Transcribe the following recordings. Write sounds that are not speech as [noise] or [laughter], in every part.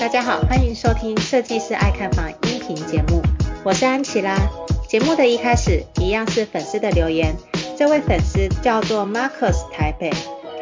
大家好，歡迎收聽設計師愛看房音頻節目，我是安琪拉。節目的一開始，一樣是粉絲的留言，這位粉絲叫做 Marcus 台北，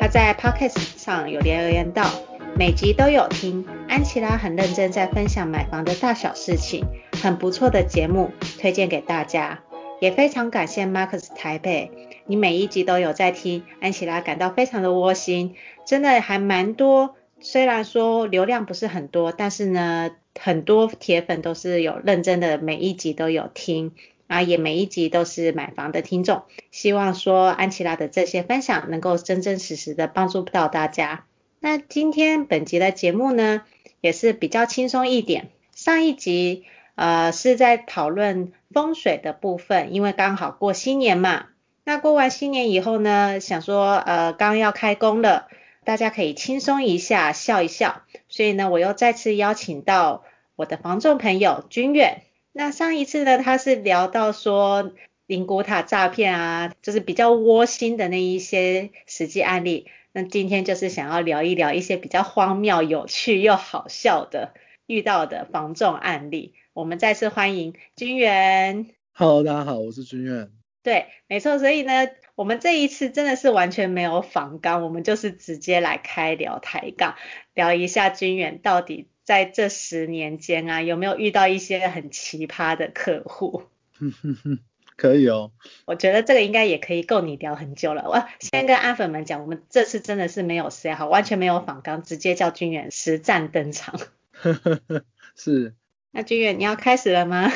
他在 Podcast 上有留言道，每集都有聽安琪拉很認真在分享買房的大小事情。很不錯的節目，推薦給大家，也非常感謝 Marcus 台北，你每一集都有在聽，安琪拉感到非常的窩心，真的還蠻多，雖然說流量不是很多，但是呢，很多鐵粉都是有認真的每一集都有聽，啊，也每一集都是買房的聽眾，希望說安琪拉的這些分享能夠真真實實的幫助到大家。那今天本集的節目呢，也是比較輕鬆一點，上一集。呃，是在討論風水的部分，因為剛好過新年嘛。那過完新年以後呢，想說呃，剛要開工了，大家可以輕鬆一下，笑一笑。所以呢，我又再次邀請到我的房仲朋友軍遠。那上一次呢，他是聊到說靈骨塔詐騙啊，就是比較窩心的那一些實際案例。那今天就是想要聊一聊一些比較荒謬、有趣又好笑的遇到的房仲案例。我們再次歡迎軍遠。Hello，大家好，我是軍遠。對，沒錯，所以呢，我們這一次真的是完全沒有訪綱，我們就是直接來開聊抬槓，聊一下軍遠到底在這十年間啊，有沒有遇到一些很奇葩的客戶？ [laughs] 可以哦，我覺得這個應該也可以夠你聊很久了。我先跟安粉們講，我們這次真的是沒有 say 好，完全沒有訪綱，直接叫軍遠實戰登場。 [laughs] 是。那軍遠，你要開始了嗎？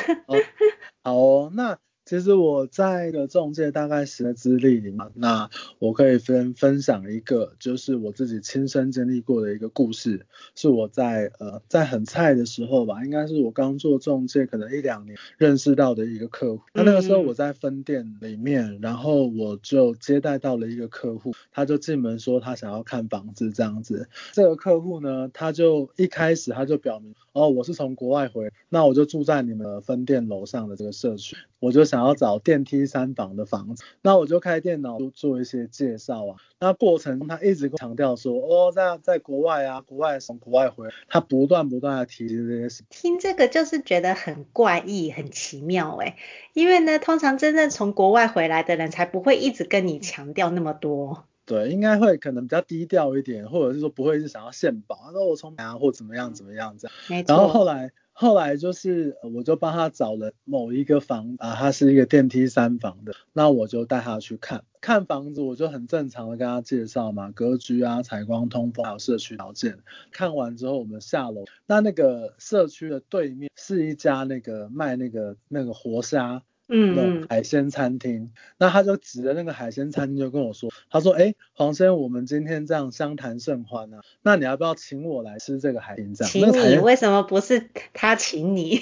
哦。那。其實我在的仲介大概十年資歷裡面，那我可以分分享一個，就是我自己親身經歷過的一個故事，是我在呃在很菜的時候吧，應該是我剛做仲介可能一兩年，認識到的一個客戶。他、嗯、那個時候我在分店裡面，然後我就接待到了一個客戶，他就進門說他想要看房子這樣子。這個客戶呢，他就一開始他就表明，哦，我是從國外回，那我就住在你們分店樓上的這個社區，我就想。然後找電梯三房的房子，那我就開電腦做做一些介紹啊。那過程中他一直強調說，哦，在在國外啊，國外從國外回來，他不斷不斷的提這些事。聽這個就是覺得很怪異，很奇妙哎。因為呢，通常真正從國外回來的人才不會一直跟你強調那麼多。對，應該會可能比較低調一點，或者是說不會是想要獻寶，那我從哪、啊、或怎麼樣怎麼樣這樣。沒錯。然後後來。後來就是，我就幫他找了某一個房子啊，他是一個電梯三房的，那我就帶他去看看房子，我就很正常的跟他介紹嘛，格局啊、採光、通風還有社區條件。看完之後，我們下樓，那那個社區的對面是一家那個賣那個那個活蝦。嗯，海鮮餐廳，那他就指着那個海鮮餐廳就跟我說，他說：“哎、欸，黃先生，我們今天這樣相談甚歡啊，那你要不要請我來吃這個海鮮這樣？”請你，那為什麼不是他請你？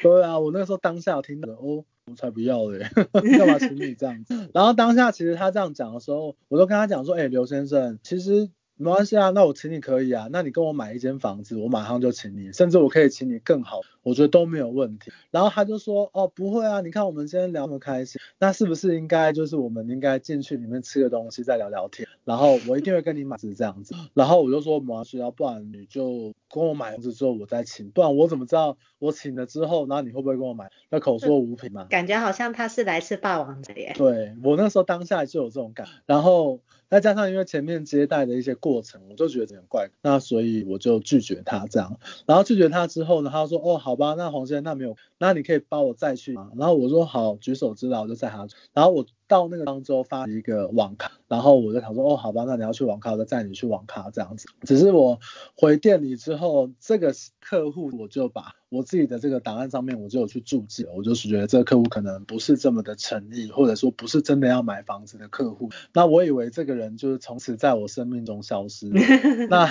對啊，我那個時候當下聽到的，哦，我才不要嘞，幹 [laughs] 嘛請你這樣子？然後當下其實他這樣講的時候，我都跟他講說：“哎、欸，劉先生，其實。”沒關係啊，那我請你可以啊，那你跟我買一間房子，我馬上就請你，甚至我可以請你更好，我覺得都沒有問題。然後他就說，哦，不會啊，你看我們今天聊得開心，那是不是應該就是我們應該進去裡面吃個東西再聊聊天？然後我一定會跟你買，是這樣子。 [laughs] 然後我就說沒關係啊，不然你就跟我買房子之後我再請，不然我怎麼知道我請了之後，然後你會不會跟我買？那口說無憑嘛。感覺好像他是來吃霸王的耶。對，我那時候當下就有這種感。然後。再加上因為前面接待的一些過程，我就覺得有點怪，那所以我就拒絕他這樣。然後拒絕他之後呢，他說哦，好吧，那黃先生那沒有，那你可以幫我再去嗎？然後我說好，舉手之勞我就載他，然後我。到那個當中發一個網咖，然後我就想說，哦，好吧，那你要去網咖我就帶你去網咖這樣子。只是我回店裡之後，這個客戶我就把我自己的這個檔案上面我就有去注記，我就是覺得這個客戶可能不是這麼的誠意，或者說不是真的要買房子的客戶。那我以為這個人就是從此在我生命中消失。 [laughs] 那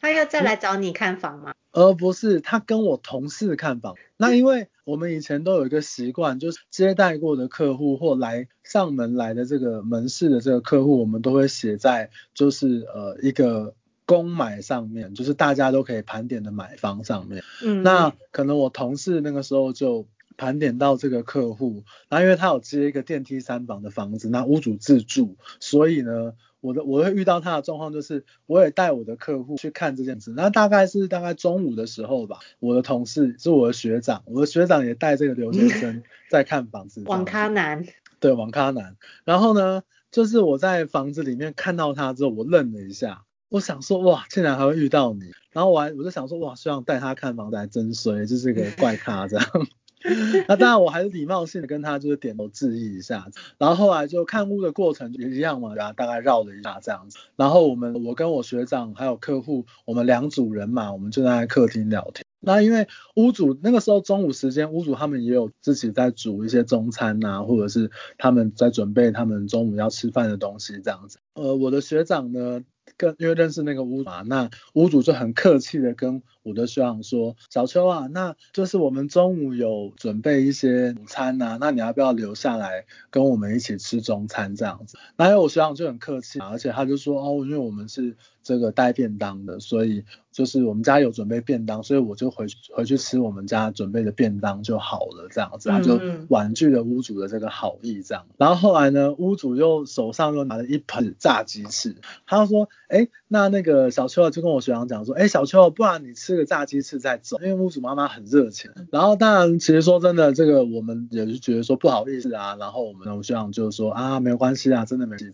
他要再來找你看房嗎？而、呃、不是他跟我同事看房。那因為。我們以前都有一個習慣，就是接待過的客戶或來上門來的這個門市的這個客戶，我們都會寫在就是呃一個公買上面，就是大家都可以盤點的買方上面。嗯,嗯，那可能我同事那個時候就盤點到這個客戶，那因為他有接一個電梯三房的房子，那屋主自住，所以呢。我的我會遇到他的狀況，就是我也帶我的客戶去看這件事，那大概是大概中午的時候吧。我的同事是我的學長，我的學長也帶這個留學生在看房子，子。嗯。網咖男。對，網咖男。然後呢，就是我在房子裡面看到他之後，我愣了一下，我想說哇，竟然還會遇到你。然後我還我就想說哇，學長帶他看房子還真衰，就是一個怪咖這樣。嗯 [laughs] [laughs] 那當然，我還是禮貌性的跟他就是點頭致意一下，然後後來就看屋的過程也一樣嘛，大概繞了一下這樣子。然後我們，我跟我學長還有客戶，我們兩組人嘛，我們就在客廳聊天。那因為屋主那個時候中午時間，屋主他們也有自己在煮一些中餐啊，或者是他們在準備他們中午要吃飯的東西這樣子。呃，我的學長呢，跟因為認識那個屋主嘛，那屋主就很客氣的跟。我的學長說：“小秋啊，那就是我們中午有準備一些午餐吶、啊，那你要不要留下來跟我們一起吃中餐這樣子？”然後我學長就很客氣嘛、啊，而且他就說：“哦，因為我們是這個帶便當的，所以就是我們家有準備便當，所以我就回去回去吃我們家準備的便當就好了這樣子。”他就婉拒了屋主的這個好意這樣。然後後來呢，屋主又手上又拿了一盆炸雞翅，他就說：“哎，那那個小秋啊，就跟我學長講說：‘哎，小秋、啊、不然你吃。’”這個炸雞翅在走，因為屋主媽媽很熱情，然後當然其實說真的，這個我們也是覺得說不好意思啊，然後我們我們就想是說啊沒有關係啊，真的沒事，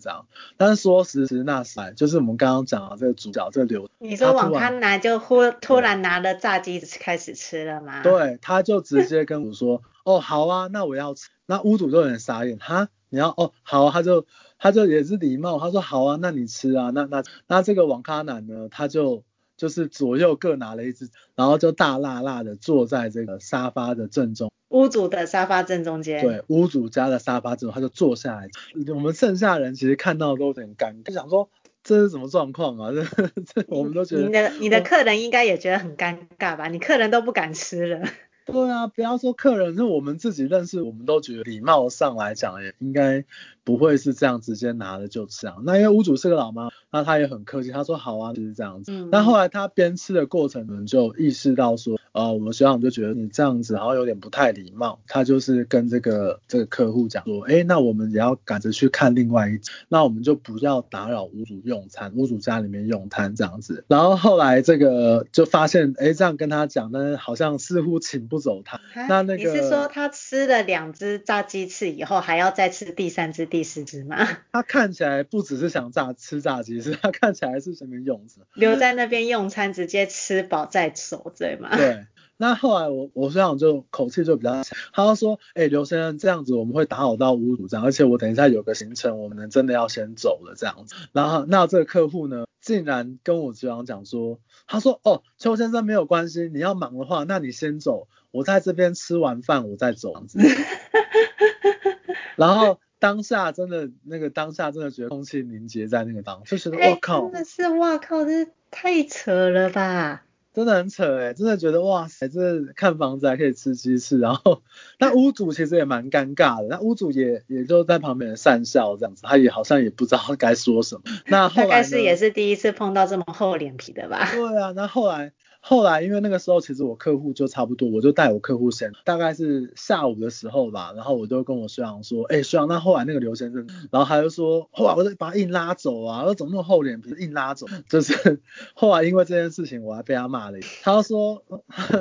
但是說實實那是，就是我們剛剛講的這個主角這劉、個，你說網咖男就忽突然拿了炸雞翅開始吃了嗎？對，他就直接跟我說， [laughs] 哦好啊，那我要吃，那屋主就有點傻眼哈，然後哦好、啊，他就他就也是禮貌，他說好啊，那你吃啊，那那那這個網咖男呢他就。就是左右各拿了一隻，然後就大辣辣的坐在這個沙發的正中。屋主的沙發正中間。對，屋主家的沙發正中，他就坐下來。我們剩下人其實看到都有點尷尬，想說這是什麼狀況啊？這 [laughs] 這我們都覺得。你的你的客人應該也覺得很尷尬吧？你客人都不敢吃了。對啊，不要說客人，是我們自己認識，我們都覺得禮貌上來講也應該。不會是這樣直接拿了就吃這樣，那因為屋主是個老媽，那他也很客氣，他說好啊，就是這樣子。那、嗯、後來他邊吃的過程呢，就意識到說，呃、哦，我們學長就覺得你這樣子好像有點不太禮貌。他就是跟這個這個客戶講說，哎，那我們也要趕着去看另外一隻，那我們就不要打擾屋主用餐，屋主家裡面用餐這樣子。然後後來這個就發現，哎，這樣跟他講，但是好像似乎請不走他。啊、那那個你是說他吃了兩隻炸雞翅以後，還要再吃第三隻？第十隻嗎？他看起來不只是想炸吃炸雞，是他看起來是什麼用子？留在那邊用餐，直接吃飽再走對嗎？對。那後來我我這樣就口氣就比較強，他說，哎、欸，劉先生這樣子，我們會打擾到屋主這樣，而且我等一下有個行程，我們能真的要先走了這樣子。然後那這個客戶呢，竟然跟我這樣講說，他說，哦，邱先生沒有關係，你要忙的話，那你先走，我在這邊吃完飯我再走這樣子。 [laughs] 然後。當下真的，那個當下真的覺得空氣凝結在那個當中，就覺得我靠、欸，真的是哇靠，這太扯了吧，真的很扯。哎、欸，真的覺得哇塞，這看房子還可以吃雞翅。然後那屋主其實也蠻尷尬的，那屋主也也就在旁邊訕笑這樣子，他也好像也不知道該說什麼。那後來是也是第一次碰到這麼厚臉皮的吧。對啊，那後來。後來因為那個時候其實我客戶就差不多，我就帶我客戶先，大概是下午的時候吧，然後我就跟我孫楊說，哎、欸，孫楊那後來那個劉先生，然後他就說，後來我就把他硬拉走啊，我怎麼那麼厚臉皮，硬拉走，就是後來因為這件事情我還被他罵了一頓，他就說，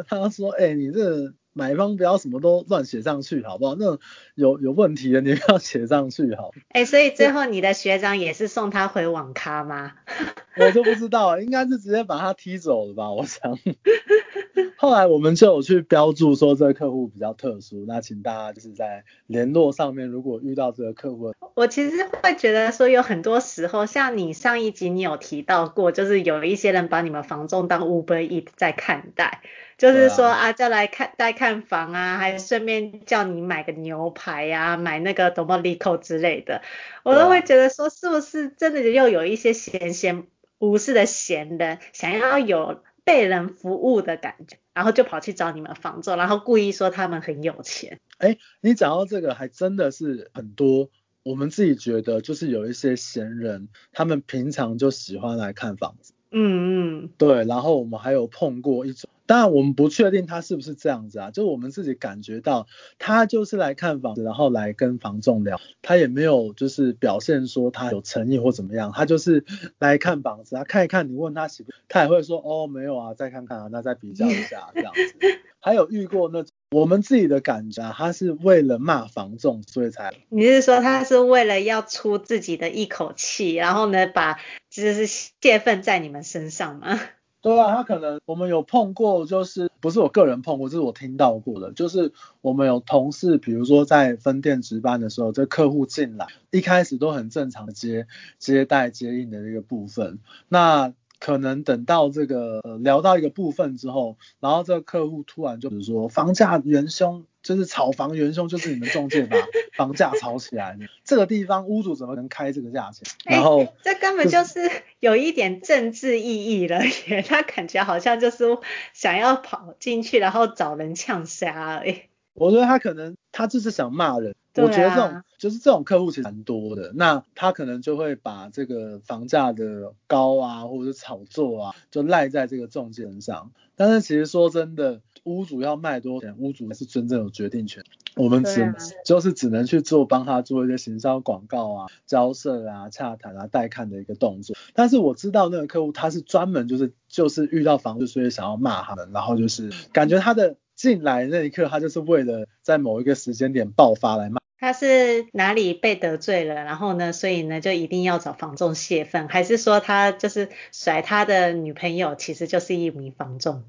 他說，哎、欸，你這個。買方不要什麼都亂寫上去，好不好？那有有問題的，你不要寫上去好、好。哎，所以最後你的學長也是送他回網咖嗎？ [laughs] 我都不知道，應該是直接把他踢走了吧，我想。 [laughs] 後來我們就有去標注說這個客戶比較特殊，那請大家就是在聯絡上面，如果遇到這個客戶，我其實會覺得說有很多時候，像你上一集你有提到過，就是有一些人把你們房仲當 Uber Eat 在看待。就是說啊，啊，叫來看帶看房啊，還順便叫你買個牛排呀、啊，買那個多麼利口之類的，我都會覺得說，是不是真的又有一些閒閒無事的閒人，想要有被人服務的感覺，然後就跑去找你們房仲，然後故意說他們很有錢。哎，你講到這個，還真的是很多，我們自己覺得就是有一些閒人，他們平常就喜歡來看房子。嗯嗯，對，然後我們還有碰過一種，當然我們不確定他是不是這樣子啊，就我們自己感覺到他就是來看房子，然後來跟房仲聊，他也沒有就是表現說他有誠意或怎麼樣，他就是來看房子啊，看一看你問他喜不，他也會說哦沒有啊，再看看啊，那再比較一下 [laughs] 這樣子，還有遇過那種。我們自己的感覺，他是為了罵房仲，所以才。你是說他是為了要出自己的一口氣，然後呢，把就是洩憤在你們身上嗎？對啊，他可能我們有碰過，就是不是我個人碰過，就是我聽到過的，就是我們有同事，比如說在分店值班的時候，這客戶進來，一開始都很正常的接接待接應的一個部分，那。可能等到這個聊到一個部分之後，然後這個客戶突然就是說，房價元凶就是炒房元凶就是你們中介吧， [laughs] 房價炒起來的，這個地方屋主怎麼能開這個價錢？哎、然後這根本就是有一點政治意義了耶 [laughs] 他感覺好像就是想要跑進去，然後找人嗆殺而已。我覺得他可能他就是想罵人。我覺得這種就是這種客戶其實蠻多的，那他可能就會把這個房價的高啊，或者是炒作啊，就賴在這個中介上。但是其實說真的，屋主要賣多少錢，屋主才是真正有決定權。我們只、啊、就是只能去做幫他做一些行銷廣告啊、交涉啊、洽談啊、帶看的一個動作。但是我知道那個客戶他是專門就是就是遇到房子所以想要罵他們，然後就是感覺他的進來的那一刻，他就是為了在某一個時間點爆發來罵。他是哪裡被得罪了，然後呢？所以呢，就一定要找房仲洩憤，還是說他就是甩他的女朋友，其實就是一名房仲？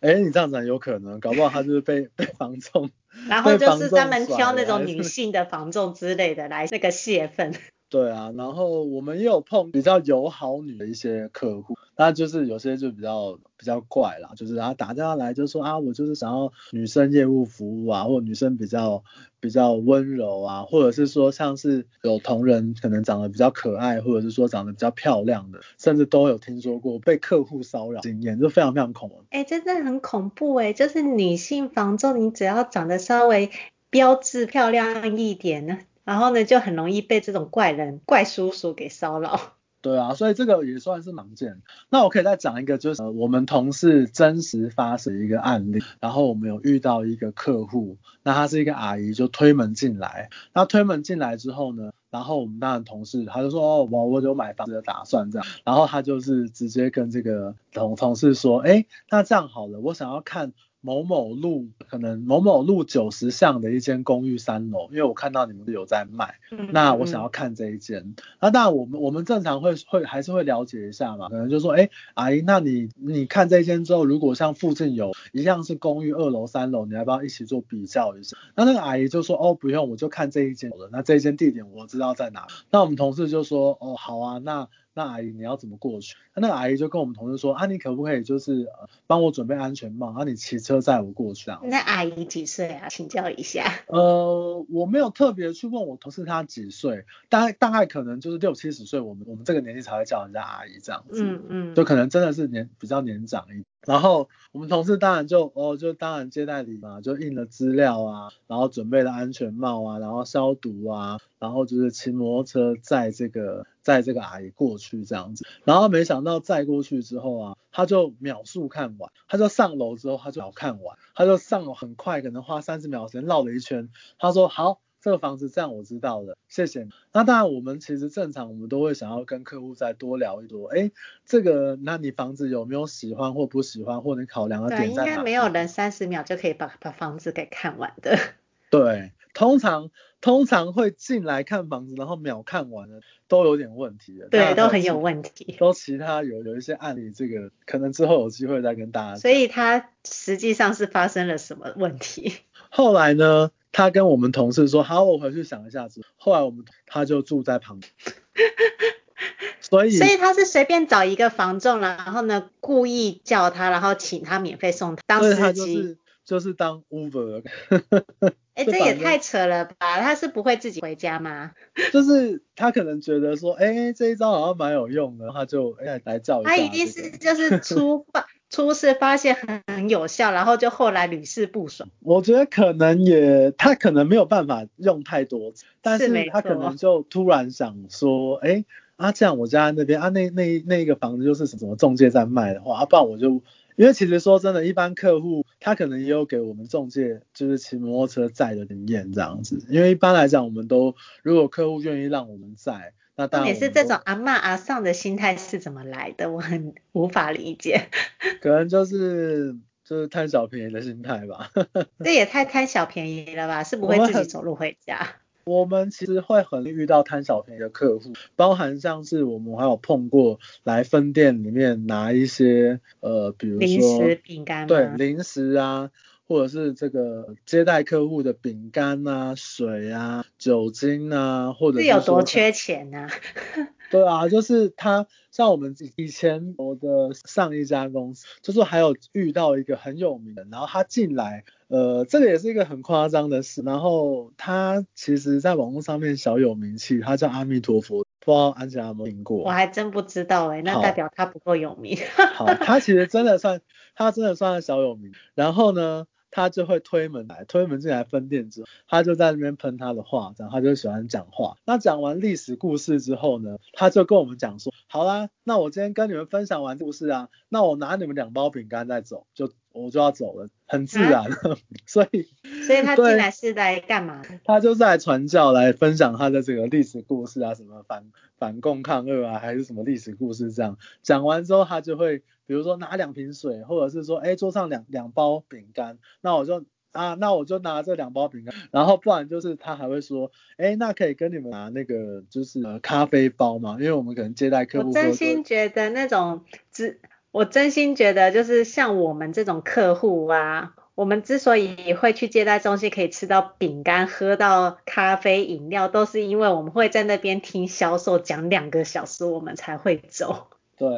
哎、 [laughs] 欸，你這樣講有可能，搞不好他就是被被房仲， [laughs] 然後就是專門挑那種女性的房仲之類的來那個洩憤。 [laughs] 對啊，然後我們也有碰比較友好女的一些客戶，那就是有些就比較比較怪啦，就是然、啊、打電話來就說啊，我就是想要女生業務服務啊，或者女生比較比較溫柔啊，或者是說像是有同仁可能長得比較可愛，或者是說長得比較漂亮的，甚至都有聽說過被客戶騷擾經驗，就非常非常恐怖。哎、欸，真的很恐怖哎，就是女性房仲，你只要長得稍微標緻漂亮一點呢，然後呢，就很容易被這種怪人、怪叔叔給騷擾。對啊，所以這個也算是盲劍。那我可以再講一個，就是、呃、我們同事真實發生一個案例。然後我們有遇到一個客戶，那他是一個阿姨，就推門進來。那推門進來之後呢，然後我們當然同事他就說：“哦，我有買房子的打算這樣。”然後他就是直接跟這個同同事說：“哎，那這樣好了，我想要看。”某某路可能某某路九十巷的一間公寓三樓，因為我看到你們有在賣，那我想要看這一間。嗯嗯，那那我們我們正常會會還是會了解一下嘛？可能就說，哎，阿姨，那你你看這一間之後，如果像附近有一樣是公寓二樓三樓，你還要不要一起做比較一下？那那個阿姨就說，哦，不用，我就看這一間了。那這一間地點我知道在哪。那我們同事就說，哦，好啊，那。那阿姨你要怎麼過去？那個阿姨就跟我們同事說：“啊，你可不可以就是呃幫我準備安全帽，啊，然後你騎車載我過去啊。”那阿姨幾歲啊？請教一下。呃，我沒有特別去問我同事她幾歲，大概大概可能就是六七十歲，我們我們這個年紀才會叫人家阿姨這樣子。嗯嗯，嗯就可能真的是年比較年長一點。然後我們同事當然就哦就當然接待你嘛，就印了資料啊，然後準備了安全帽啊，然後消毒啊，然後就是騎摩托車載這個載這個阿姨過去這樣子。然後沒想到載過去之後啊，他就秒速看完，他就上樓之後他就秒看完，他就上樓很快，可能花三十秒時間繞了一圈，他說好，這個房子這樣我知道了，謝謝。那當然，我們其實正常，我們都會想要跟客戶再多聊一聊。哎，這個，那你房子有沒有喜歡或不喜歡，或者考量的點在哪？對，應該沒有人三十秒就可以把把房子給看完的。對，通常通常會進來看房子，然後秒看完了，都有點問題的。對，都，都很有問題。都其他有有一些案例，這個可能之後有機會再跟大家。所以它實際上是發生了什麼問題？ [laughs] 後來呢，他跟我們同事說，好，我回去想一下子。後來我們他就住在旁邊，所以所以他是隨便找一個房仲，然後呢，故意叫他，然後請他免費送他當司機，就是，就是當 Uber 哎， [laughs] 欸，這也太扯了吧！他是不會自己回家嗎？就是他可能覺得說，哎、欸，這一招好像蠻有用的，他就哎、欸、來叫一下、啊、他一定是、這個、就是出發 [laughs] 初次發現很有效，然後就後來屢試不爽。我覺得可能也他可能沒有辦法用太多，但是他可能就突然想說，哎、欸，啊這樣我家那邊啊那那那一個房子就是什麼中介在賣的話，啊不然我就因為其實說真的，一般客戶他可能也有給我們中介就是騎摩托車載的經驗這樣子，因為一般來講我們都如果客戶願意讓我們載。那你、就是、是這種阿罵阿喪的心態是怎麼來的？我很無法理解。可能就是就是貪小便宜的心態吧。 [laughs] 這也太貪小便宜了吧？是不會自己走路回家。我們,我們其實會很遇到貪小便宜的客戶，包含像是我們還有碰過來分店裡面拿一些呃，比如說，零食餅乾對，零食啊。或者是這個接待客戶的餅乾啊、水啊、酒精啊，或者是這有多缺錢啊？ [laughs] [laughs] 對啊，就是他像我們以前我的上一家公司，就是還有遇到一個很有名的，然後他進來，呃，這個也是一個很誇張的事。然後他其實在網絡上面小有名氣，他叫阿彌陀佛，不知道安琪拉有沒有聽過？蘋果我還真不知道哎、欸，那代表他不夠有名。 [laughs] 好，他其實真的算，他真的算小有名。然後呢？他就會推門來，推門進來分店之後，他就在那邊噴他的話，然後他就喜歡講話。那講完歷史故事之後呢，他就跟我們講說。好啦，那我今天跟你們分享完故事啊，那我拿你們兩包餅乾再走，就我就要走了，很自然了。 [laughs] 所以所以他進來是在幹嘛？他就是來傳教，來分享他的這個歷史故事啊，什麼反反共抗俄啊，還是什麼歷史故事這樣。講完之後，他就會比如說拿兩瓶水，或者是說哎桌上兩兩包餅乾，那我就。啊，那我就拿這兩包餅乾，然後不然就是他還會說，哎，那可以跟你們拿那個就是咖啡包嘛，因為我們可能接待客戶，客戶。我真心覺得那種，我真心覺得就是像我們這種客戶啊，我們之所以會去接待中心，可以吃到餅乾、喝到咖啡飲料，都是因為我們會在那邊聽銷售講兩個小時，我們才會走。對。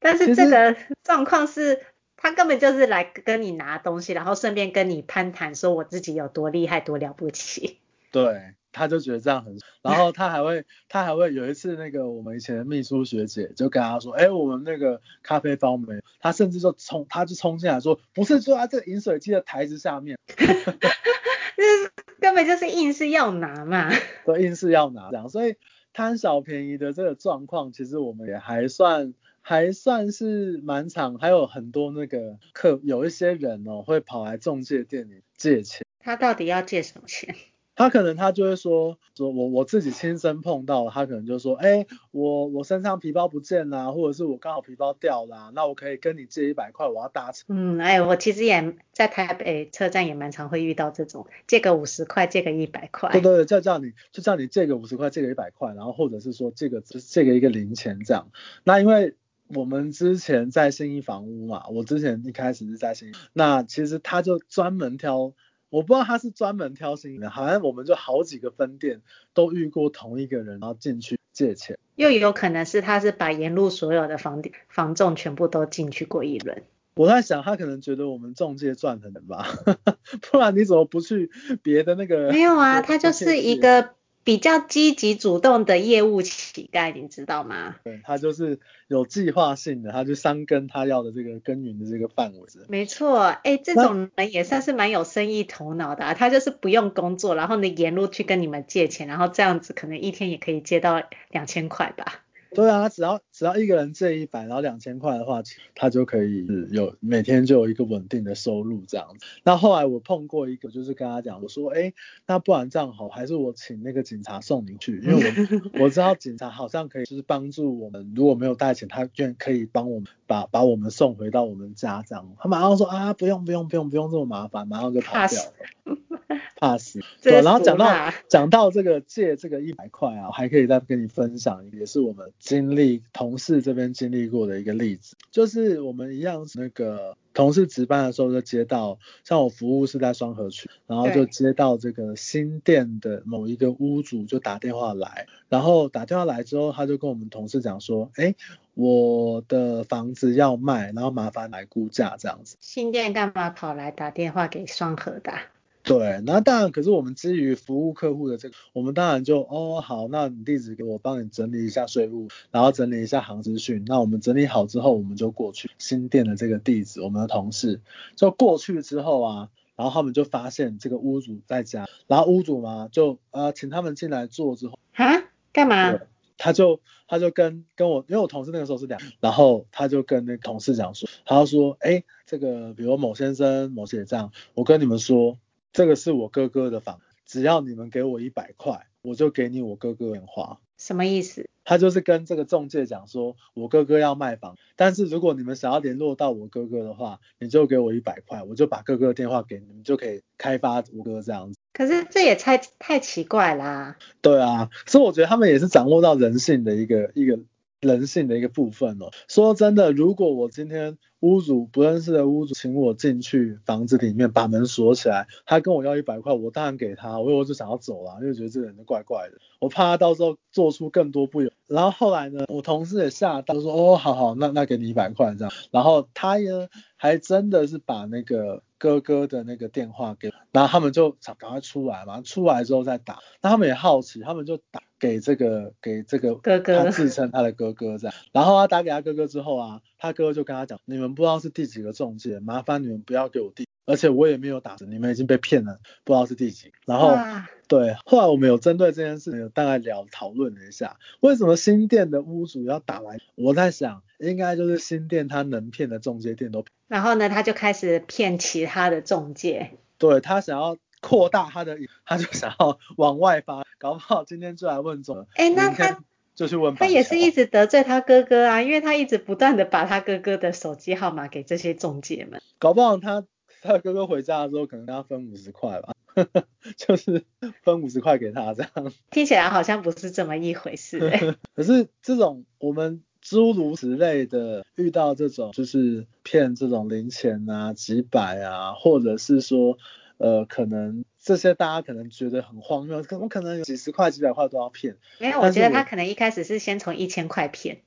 但是這個狀況是。他根本就是來跟你拿東西，然後順便跟你攀談，說我自己有多厲害、多了不起。對，他就覺得這樣很。然後他還會，他還會有一次，那個我們以前的秘書學姐就跟他說，哎， [laughs] 我們那個咖啡包沒。他甚至就衝，他就衝進來說，不是，就在這個飲水機的台子下面。 [laughs] [laughs] 就是根本就是硬是要拿嘛。對，硬是要拿這樣，所以貪小便宜的這個狀況，其實我們也還算。還算是蠻常，還有很多那個客，有一些人哦，會跑來仲介店裡借錢。他到底要借什麼錢？他可能他就會說，說我我自己親身碰到，他可能就說，哎，我我身上皮包不見啦、啊，或者是我剛好皮包掉啦、啊。那我可以跟你借一百塊，我要搭車。嗯，哎，我其實也在台北車站也蠻常會遇到這種，借個五十塊，借個一百塊。對對對，就叫你，就叫你借個五十塊，借個一百塊，然後或者是說借個，借個一個零錢這樣。那因為。我們之前在信義房屋嘛，我之前一開始是在信義，那其實他就專門挑，我不知道他是專門挑信義的，好像我們就好幾個分店都遇過同一個人，然後進去借錢。又有可能是他是把沿路所有的房房仲全部都進去過一輪。我在想，他可能覺得我們中介很賺的吧， [laughs] 不然你怎麼不去別的那個？沒有啊，他就是一個。比較積極主動的業務乞丐，你知道嗎？對，他就是有計劃性的，他就深耕他要的這個耕耘的這個範圍。沒錯，哎、欸，這種人也算是蠻有生意頭腦的，啊，他就是不用工作，然後呢沿路去跟你們借錢，然後這樣子可能一天也可以借到兩千塊吧。對啊，只要只要一個人借一百，然後兩千塊的話，他就可以有每天就有一個穩定的收入這樣子。那後，後來我碰過一個，就是跟他講，我說，哎，那不然這樣好，還是我請那個警察送你去，因為我我知道警察好像可以就是幫助我們， [laughs] 如果沒有帶錢，他居然可以幫我們把把我們送回到我們家這樣。他馬上說啊，不用不用不用不用這麼麻煩，馬上就跑掉了。」怕死。對，然後講到講到這個借這個一百塊啊，我還可以再跟你分享，也是我們。經歷同事這邊經歷過的一個例子，就是我們一樣那個同事值班的時候就接到，像我服務是在雙和區，然後就接到這個新店的某一個屋主就打電話來，然後打電話來之後，他就跟我們同事講說，哎，我的房子要賣，然後麻煩來估價這樣子。新店幹嘛跑來打電話給雙和的？對，那當然，可是我們基於服務客戶的這個，我們當然就哦好，那你地址給我幫你整理一下稅務，然後整理一下行資訊。那我們整理好之後，我們就過去新店的這個地址，我們的同事就過去之後啊，然後他們就發現這個屋主在家，然後屋主嘛就啊、呃、請他們進來坐之後啊幹嘛？他就他就跟跟我，因為我同事那個時候是兩，然後他就跟那個同事講說，他就說哎這個比如某先生某姐這樣，我跟你們說。這個是我哥哥的房，只要你們給我一百塊，我就給你我哥哥電話。什麼意思？他就是跟這個仲介講說，我哥哥要賣房，但是如果你們想要聯絡到我哥哥的話，你就給我一百塊，我就把哥哥的電話給你們，就可以開發我哥這樣子。可是這也太太奇怪啦啊。對啊，所以我覺得他們也是掌握到人性的一個一個人性的一個部分哦。說真的，如果我今天。屋主不認識的屋主請我進去房子裡面，把門鎖起來。他跟我要一百塊，我當然給他。我以為我就想要走了啊，因為覺得這個人怪怪的。我怕他到時候做出更多不友。然後後來呢，我同事也嚇到，說哦，好好，那那給你一百塊這樣。然後他也還真的是把那個哥哥的那個電話給，然後他們就想趕快出來嘛，出來之後再打。但他們也好奇，他們就打給這個給這個哥哥，他自稱他的哥哥這樣。然後他打給他哥哥之後啊，他哥就跟他講，你們。不知道是第幾個中介，麻煩你們不要給我定。而且我也沒有打針，你們已經被騙了，不知道是第幾。然後，啊、對，後來我們有針對這件事情有大概聊討論了一下，為什麼新店的屋主要打來？我在想，應該就是新店他能騙的中介店都，然後呢，他就開始騙其他的中介。對，他想要擴大他的，他就想要往外發，搞不好今天就來問中誒。那他。就是問，他也是一直得罪他哥哥啊，因為他一直不斷的把他哥哥的手機號碼給這些中介們。搞不好他他哥哥回家的時候，可能要分五十塊吧， [laughs] 就是分五十塊給他這樣。聽起來好像不是這麼一回事。欸、 [laughs] 可是這種我們諸如此類的遇到這種就是騙這種零錢啊幾百啊，或者是說呃可能。這些大家可能覺得很慌，可我可能有幾十塊、幾百塊都要騙。沒有，我，我覺得他可能一開始是先從一千塊騙。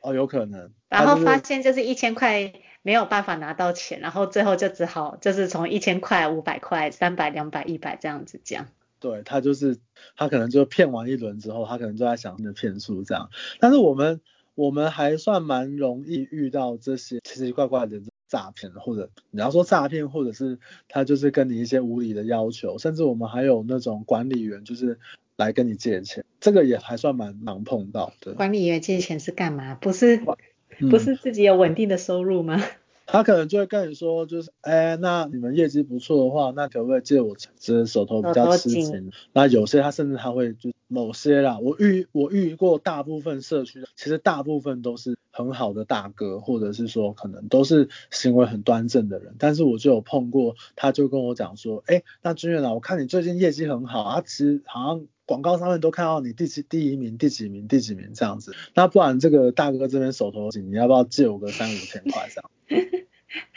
哦，有可能。然後發現就是一千塊沒有辦法拿到錢，就是、然後最後就只好就是從一千塊、五百塊、三百、兩百、一百這樣子講。對，他就是他可能就騙完一輪之後，他可能就在想你的騙術這樣。但是我們我們還算蠻容易遇到這些奇奇怪怪的人。詐騙，或者你要說詐騙，或者是他就是跟你一些無理的要求，甚至我們還有那種管理員，就是來跟你借錢，這個也還算蠻難碰到的。對。管理員借錢是幹嘛？不是不是自己有穩定的收入嗎？嗯他可能就會跟你說，就是，誒、欸、那你們業績不錯的話，那可不可以借我？其實手頭比較吃緊。哦、那有些他甚至他會就某些啦，我遇我遇過大部分社區，其實大部分都是很好的大哥，或者是說可能都是行為很端正的人。但是我就有碰過，他就跟我講說，哎、欸，那軍遠吶，我看你最近業績很好啊，其實好像。廣告上面都看到你第幾第一名、第幾名、第幾名、第幾名這樣子，那不然這個大哥這邊手頭緊，你要不要借我個三五千塊這樣？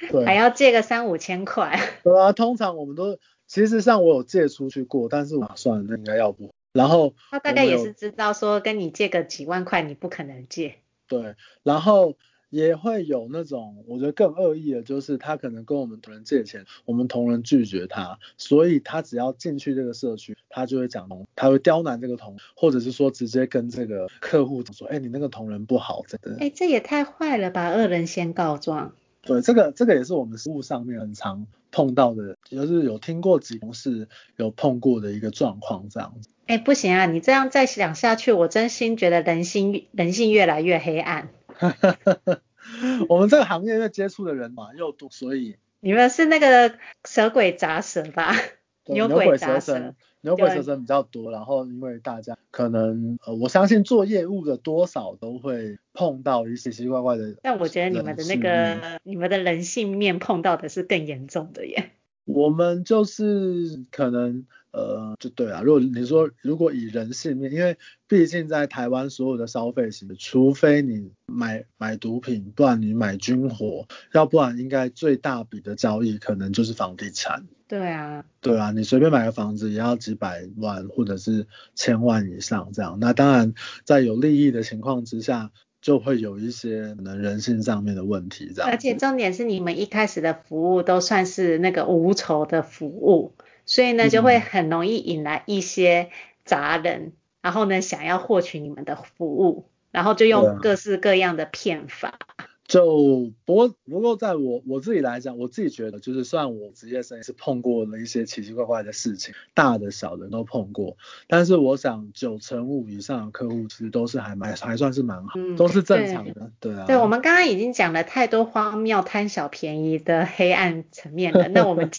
[laughs] 對還要借個三五千塊？對啊，通常我們都其實像我有借出去過，但是我算了那應該要不。然後他大概也是，也是知道說跟你借個幾萬塊你不可能借。對，然後。也會有那種我覺得更惡意的，就是他可能跟我們同仁借錢，我們同仁拒絕他，所以他只要進去這個社區，他就會講，他會刁難這個同，或者是說直接跟這個客戶說，哎、欸，你那個同仁不好，這個哎，這也太壞了吧，惡人先告狀。對，這個這個也是我們實務上面很常碰到的，就是有聽過幾同事有碰過的一個狀況這樣子。哎、欸，不行啊，你這樣再想下去，我真心覺得人心人性越來越黑暗。哈哈哈， [laughs] 我們這個行業在接觸的人嘛又多，所以你們是那個蛇鬼雜蛇吧？牛鬼蛇神，牛鬼蛇神比較多。然後因為大家可能，呃、我相信做業務的多少都會碰到一些奇奇怪怪的人。但我覺得你們的那個你們的人性面碰到的是更嚴重的耶。我們就是可能呃，就對啊，如果你說如果以人性命，因為畢竟在台灣所有的消費型，除非你買買毒品，不然你買軍火，要不然應該最大筆的交易可能就是房地產。對啊，對啊，你隨便買個房子也要幾百萬或者是千萬以上這樣。那當然，在有利益的情況之下。就會有一些可能人性上面的問題，這樣。而且重點是，你們一開始的服務都算是那個無酬的服務，所以呢，就會很容易引來一些雜人，嗯、然後呢，想要獲取你們的服務，然後就用各式各樣的騙法。就不過不過，在我我自己來講，我自己覺得，就是算我職業生涯是碰過了一些奇奇怪怪的事情，大的小的都碰過。但是我想，九成五以上的客戶其實都是還蠻還算是蠻好，都是正常的，嗯、對，對啊。對，我們剛剛已經講了太多荒謬、貪小便宜的黑暗層面了。 [laughs] 那我們，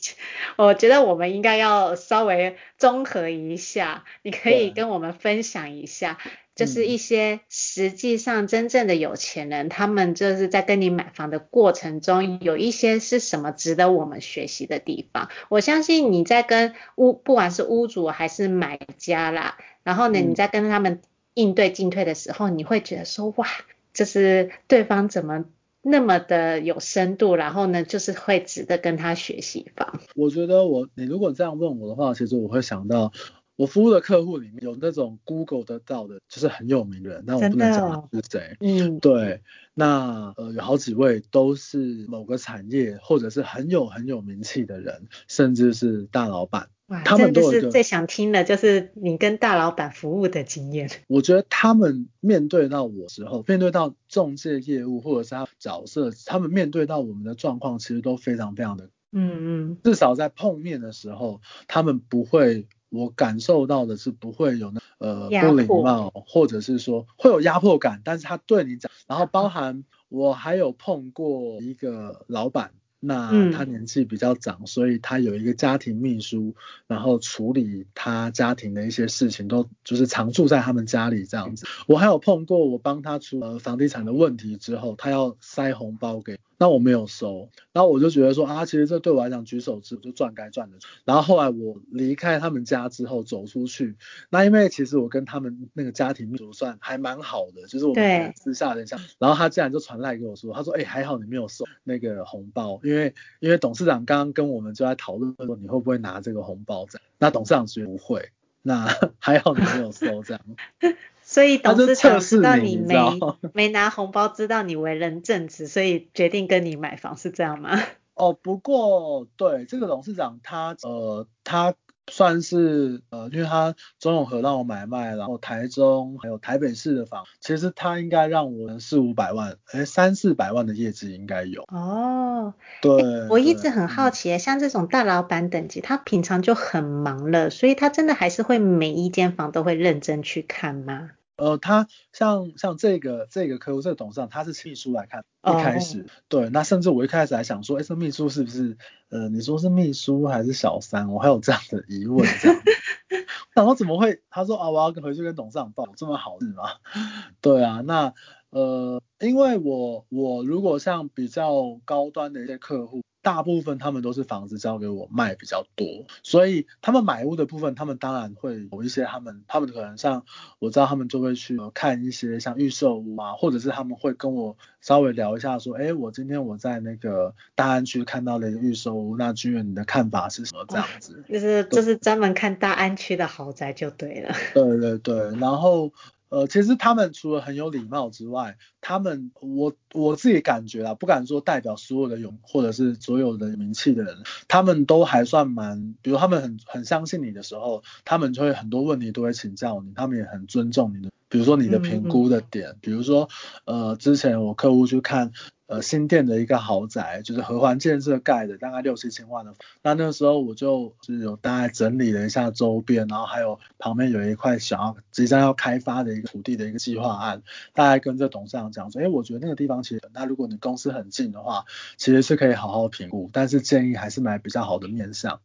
我覺得我們應該要稍微綜合一下，你可以跟我們分享一下。就是一些實際上真正的有錢人，嗯、他們就是在跟你買房的過程中，有一些是什麼值得我們學習的地方。我相信你在跟屋，不管是屋主還是買家啦，然後呢，你在跟他們應對進退的時候，嗯、你會覺得說，哇，這、就是對方怎麼那麼的有深度，然後呢，就是會值得跟他學習方。我覺得我你如果這樣問我的話，其實我會想到。我服務的客戶裡面有那種 Google 得到的，就是很有名人，但我不能講是誰。哦。嗯，對。那呃，有好幾位都是某個產業或者是很有很有名氣的人，甚至是大老闆。哇他們都是最想聽的，就是你跟大老闆服務的經驗。我覺得他們面對到我時候，面對到仲介業務或者是他角色，他們面對到我們的狀況，其實都非常非常的，嗯嗯。至少在碰面的時候，他們不會。我感受到的是不會有那個、呃不禮貌，或者是說會有壓迫感，但是他對你講，然後包含我還有碰過一個老闆，那他年紀比較長，所以他有一個家庭秘書，然後處理他家庭的一些事情都就是常住在他們家裡這樣子。我還有碰過我幫他處理房地產的問題之後，他要塞紅包給。那我沒有收，那我就覺得說啊，其實這對我來講舉手之，我就賺該賺的。然後後來我離開他們家之後走出去，那因為其實我跟他們那個家庭主算還蠻好的，就是我們私下的。對然後他竟然就傳 LINE 跟我說，他說哎、欸，還好你沒有收那個紅包，因為因為董事長剛剛跟我們就在討論說你會不會拿這個紅包在，那董事長說不會。那你還好沒有收這樣， [laughs] 所以董事長知道你沒 [laughs] 沒拿紅包，知道你為人正直，所以決定跟你買房是這樣嗎？ [laughs] 哦，不過，對，這個董事長他呃他。算是呃，因為他中永和讓我買賣，然後台中還有台北市的房，其實他應該讓我四五百萬，哎、欸、三四百萬的業績應該有。哦，對、欸，我一直很好奇，對像這種大老闆等級，他平常就很忙了，所以他真的還是會每一間房都會認真去看嗎？呃，他像像這個這個客戶這個董事長，他是秘書來看、oh. 一開始，對，那甚至我一開始還想說，哎，這秘書是不是呃，你說是秘書還是小三？我還有這樣的疑問這樣。想說 [laughs] 怎麼會？他說啊，我要回去跟董事長報，這麼好的嗎？對啊，那呃，因為我我如果像比較高端的一些客戶。大部分他們都是房子交給我賣比較多，所以他們買屋的部分，他們當然會有一些他們，他們可能像我知道他們就會去、呃、看一些像預售屋啊，或者是他們會跟我稍微聊一下說，哎、欸，我今天我在那個大安區看到了一個預售屋，那居然軍遠你的看法是什麼？這樣子，哦、就是就是專門看大安區的豪宅就對了。對對對，然後，呃，其實他們除了很有禮貌之外，他們我我自己感覺啊，不敢說代表所有的勇或者是所有的名氣的人，他們都還算蠻，比如他們很很相信你的時候，他們就會很多問題都會請教你，他們也很尊重你的，比如說你的評估的點，嗯嗯，比如說呃，之前我客戶去看。呃，新店的一個豪宅，就是和環建設蓋的，大概六七千萬的。那那個時候我就就是有大概整理了一下周邊，然後還有旁邊有一塊想要即將要開發的一個土地的一個計劃案，大概跟着董事長講說，哎，我覺得那個地方其實很大，那如果你公司很近的話，其實是可以好好評估，但是建議還是買比較好的面向。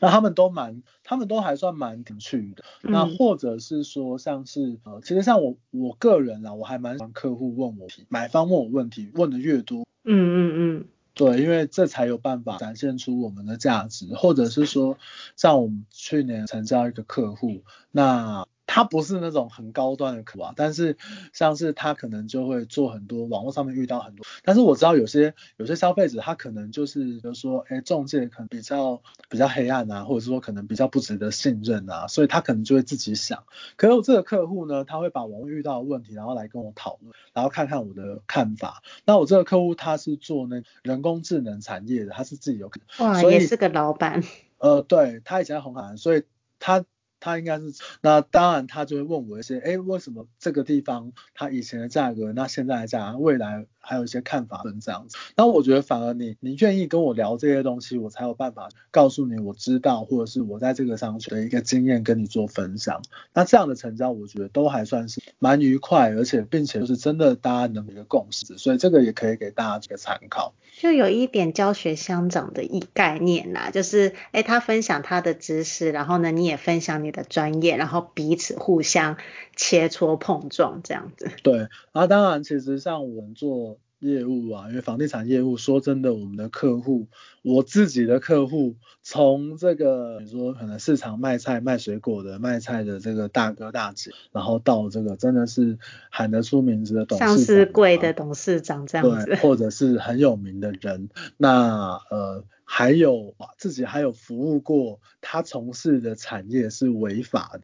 那他們都蠻，他們都還算蠻有趣的。那或者是說，像是呃，嗯、其實像我我個人啊，我還蠻喜歡客戶問我，買方問我問題，問的越多，嗯嗯嗯，對，因為這才有辦法展現出我們的價值，或者是說，像我們去年成交一個客戶，嗯、那。他不是那種很高端的客戶啊，但是像是他可能就會做很多網絡上面遇到很多，但是我知道有些有些消費者他可能就是，就是說，比如說哎仲介可能比較比較黑暗啊，或者是說可能比較不值得信任啊，所以他可能就會自己想。可是我這個客戶呢，他會把網絡遇到的問題，然後來跟我討論，然後看看我的看法。那我這個客戶他是做那人工智能產業的，他是自己有可能，哇，所以，也是個老闆。呃，對，他以前在紅海，所以他。他應該是，那當然他就會問我一些，哎，為什麼這個地方它以前的價格，那現在的價格，未來。還有一些看法跟這樣子，那我覺得反而你你願意跟我聊這些東西，我才有辦法告訴你我知道或者是我在這個商圈的一個經驗跟你做分享。那這樣的成交，我覺得都還算是蠻愉快，而且並且就是真的大家能有一個共識，所以這個也可以給大家一個參考。就有一點教學相長的一概念吶，啊，就是誒、欸，他分享他的知識，然後呢你也分享你的專業，然後彼此互相切磋碰撞這樣子。對，然後當然其實像我們做。業務啊，因為房地產業務，說真的，我們的客戶。我自己的客戶，從這個，比如說可能市場賣菜、賣水果的賣菜的這個大哥大姐，然後到這個真的是喊得出名字的董事，像是貴的董事長這樣子，或者是很有名的人，那呃還有自己還有服務過他從事的產業是違法的，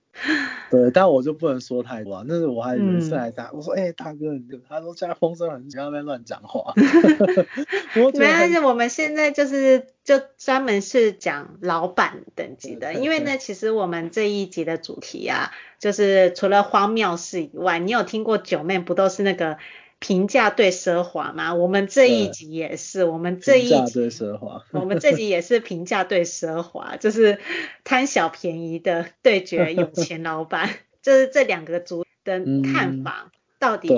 對，但我就不能說太多，啊，那是我還每次來打，我說哎，大哥，他說現在風聲很緊，要在那邊亂講話， [laughs] 嗯、 [laughs] 得沒關係，我們現在就是。就專門是講老板等級的，因為呢，其實我們這一集的主題啊，就是除了荒謬事以外，你有聽過 Joeman 不都是那個平價對奢華嗎？我們這一集也是，對我們這一集奢華，我們這一集也是平價對奢華， [laughs] 就是貪小便宜的對決有錢老板， [laughs] 就是這兩個族的看法、嗯、到底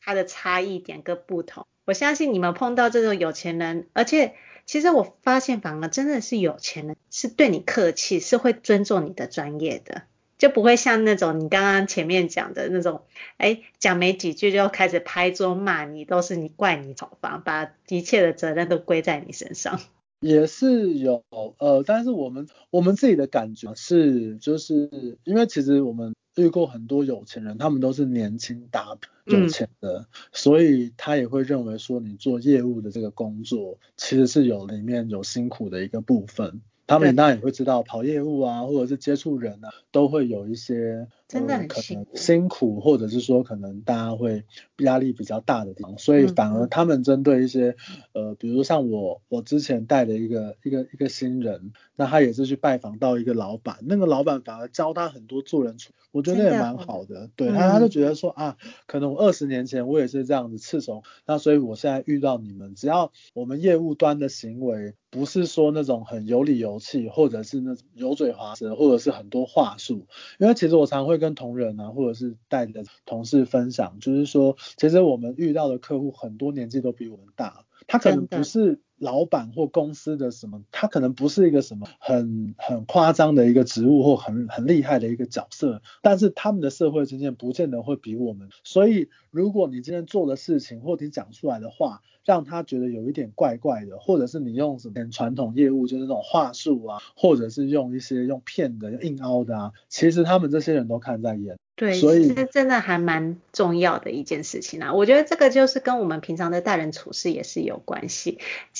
它的差異點跟不同。對我相信你們碰到這種有錢人，而且。其實我發現，反而真的是有錢人是對你客氣，是會尊重你的專業的，就不會像那種你剛剛前面講的那種，哎，講沒幾句就開始拍桌罵你，都是你怪你炒房，把一切的責任都歸在你身上。也是有，呃，但是我們我們自己的感覺是，就是因為其實我們。遇過很多有錢人，他們都是年輕打拼有錢的，嗯、所以他也會認為說，你做業務的這個工作，其實是有裡面有辛苦的一個部分。他們當然也會知道，跑業務啊，或者是接觸人啊，都會有一些真的很辛苦，或者是說可能大家會壓力比較大的地方，所以反而他們針對一些呃，比如像我我之前帶的一個一個一個新人，那他也是去拜訪到一個老闆，那個老闆反而教他很多做人處，我覺得那也蠻好的，對他，他就覺得說啊，可能我二十年前我也是這樣子刺頭，那所以我現在遇到你們，只要我們業務端的行為。不是說那種很有理有氣，或者是那種油嘴滑舌，或者是很多話術。因為其實我常會跟同仁啊，或者是帶著同事分享，就是說，其實我們遇到的客戶很多年紀都比我們大，他可能不是。老闆或公司的什麼，他可能不是一個什麼很很誇張的一個職務或很很厲害的一個角色，但是他們的社會經驗不見得會比我們。所以，如果你今天做的事情或你講出來的話，讓他覺得有一點怪怪的，或者是你用什麼傳統業務就是那種話術啊，或者是用一些用騙的硬凹的啊，其實他們這些人都看在眼。對，所以其實真的還蠻重要的一件事情啊。我覺得這個就是跟我們平常的待人處事也是有關係。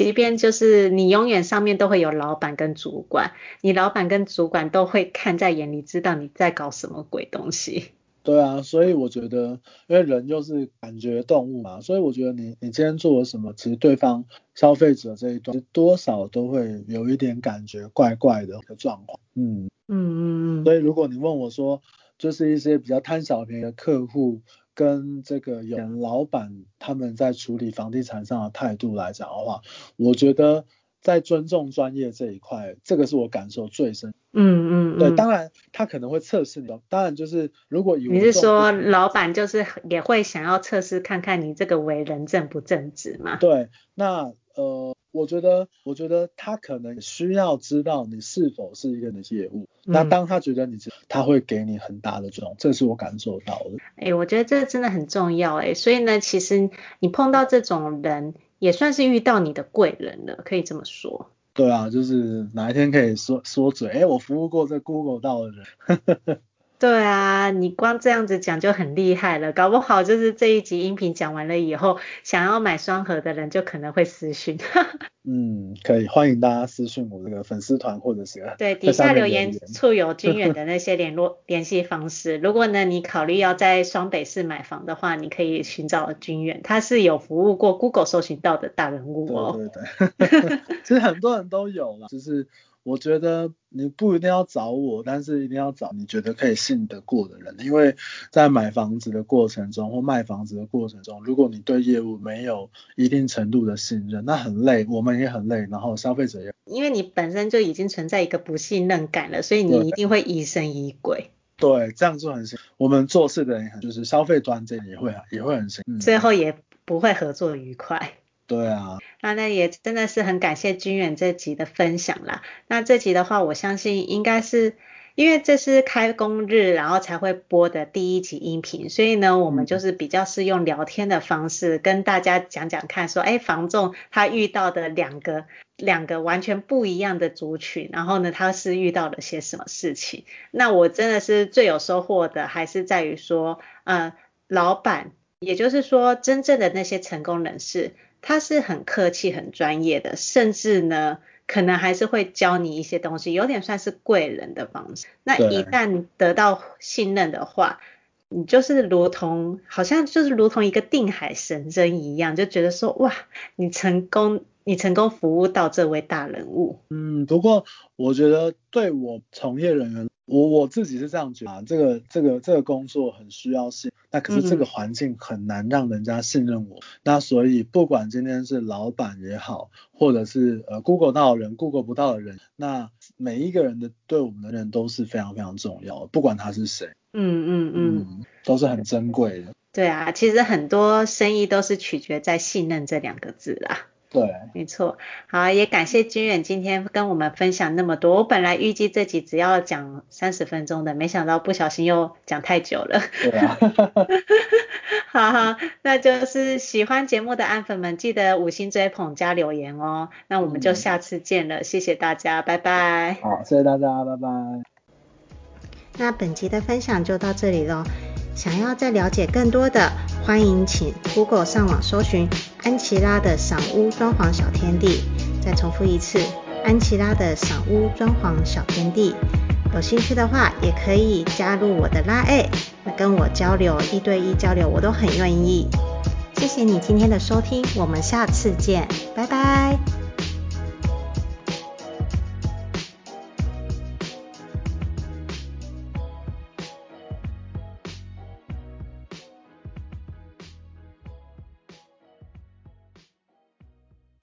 即便就是你永遠上面都會有老闆跟主管，你老闆跟主管都會看在眼裡，知道你在搞什麼鬼東西。對啊，所以我覺得，因為人就是感覺動物嘛，所以我覺得你你今天做了什麼，其實對方消費者這一段，就是、多少都會有一點感覺怪怪的狀況。嗯嗯嗯嗯。所以如果你問我說，就是一些比較貪小便宜的客戶。跟這個有老闆他們在處理房地產上的態度來講的話，我覺得在尊重專業這一塊，這個是我感受最深。嗯嗯，嗯，對，當然他可能會測試你，當然就是如果有你是說老闆就是也會想要測試看看你這個為人正不正直嗎？對，那呃。我覺得，我覺得他可能需要知道你是否是一個你的業務。嗯、那當他覺得你，他會給你很大的尊重，這是我感受到的。哎、欸，我覺得這真的很重要哎、欸。所以呢，其實你碰到這種人，也算是遇到你的貴人了，可以這麼說。對啊，就是哪一天可以說說嘴，哎、欸，我服務過這 Google 到的人。 [laughs] 對啊，你光這樣子講就很厲害了，搞不好就是這一集音頻講完了以後，想要買雙核的人就可能會私訊。呵呵嗯，可以，歡迎大家私信我這個粉絲團或者是對下底下留言處有軍遠的那些聯絡 [laughs] 聯繫方式。如果呢你考慮要在雙北市買房的話，你可以尋找軍遠，他是有服務過 Google 搜尋到的大人物哦。對對對，呵呵 [laughs] 其實很多人都有啦，就是。我覺得你不一定要找我，但是一定要找你覺得可以信得過的人，因為在買房子的過程中或賣房子的過程中，如果你對業務沒有一定程度的信任，那很累，我們也很累，然後消費者也很累，因為你本身就已經存在一個不信任感了，所以你一定會疑神疑鬼。對。對，這樣做很辛苦，我們做事的人很，就是消費端這邊也會，啊，也會很辛苦，嗯，最後也不會合作愉快。對啊，那那也真的是很感謝軍遠這集的分享啦。那這集的話，我相信應該是因為這是開工日，然後才會播的第一集音頻，所以呢，我們就是比較是用聊天的方式跟大家講講看說，說、嗯、哎，房仲他遇到的兩個兩個完全不一樣的族群，然後呢，他是遇到了些什麼事情？那我真的是最有收穫的，還是在於說，呃，老板，也就是說，真正的那些成功人士。他是很客氣、很專業的，甚至呢，可能還是會教你一些東西，有點算是貴人的方式。那一旦得到信任的話，對你就是如同好像就是如同一個定海神針一樣，就覺得說哇，你成功，你成功服務到這位大人物。嗯，不過我覺得對我從業人員。我我自己是這樣覺得啊，這個這個這個工作很需要信，那可是這個環境很難讓人家信任我，嗯嗯，那所以不管今天是老闆也好，或者是呃 Google 到的人，Google 不到的人，那每一個人的對我們的人都是非常非常重要，不管他是誰，嗯嗯嗯，嗯，都是很珍貴的。對啊，其實很多生意都是取決在信任這兩個字啦。對，沒錯。好，也感謝軍遠今天跟我們分享那麼多。我本來預計這集只要講三十分鐘的，沒想到不小心又講太久了。對啊吧。 [laughs] 好好，那就是喜歡節目的安粉們，記得五星追捧加留言哦。那我們就下次見了，嗯、謝謝大家，拜拜。好，謝謝大家，拜拜。那本集的分享就到這裡嘍。想要再了解更多的。歡迎請 Google 上網搜尋安琪拉的賞屋裝潢小天地。再重複一次，安琪拉的賞屋裝潢小天地。有興趣的話，也可以加入我的賴@，那跟我交流，一對一交流，我都很願意。謝謝你今天的收聽，我們下次見，拜拜。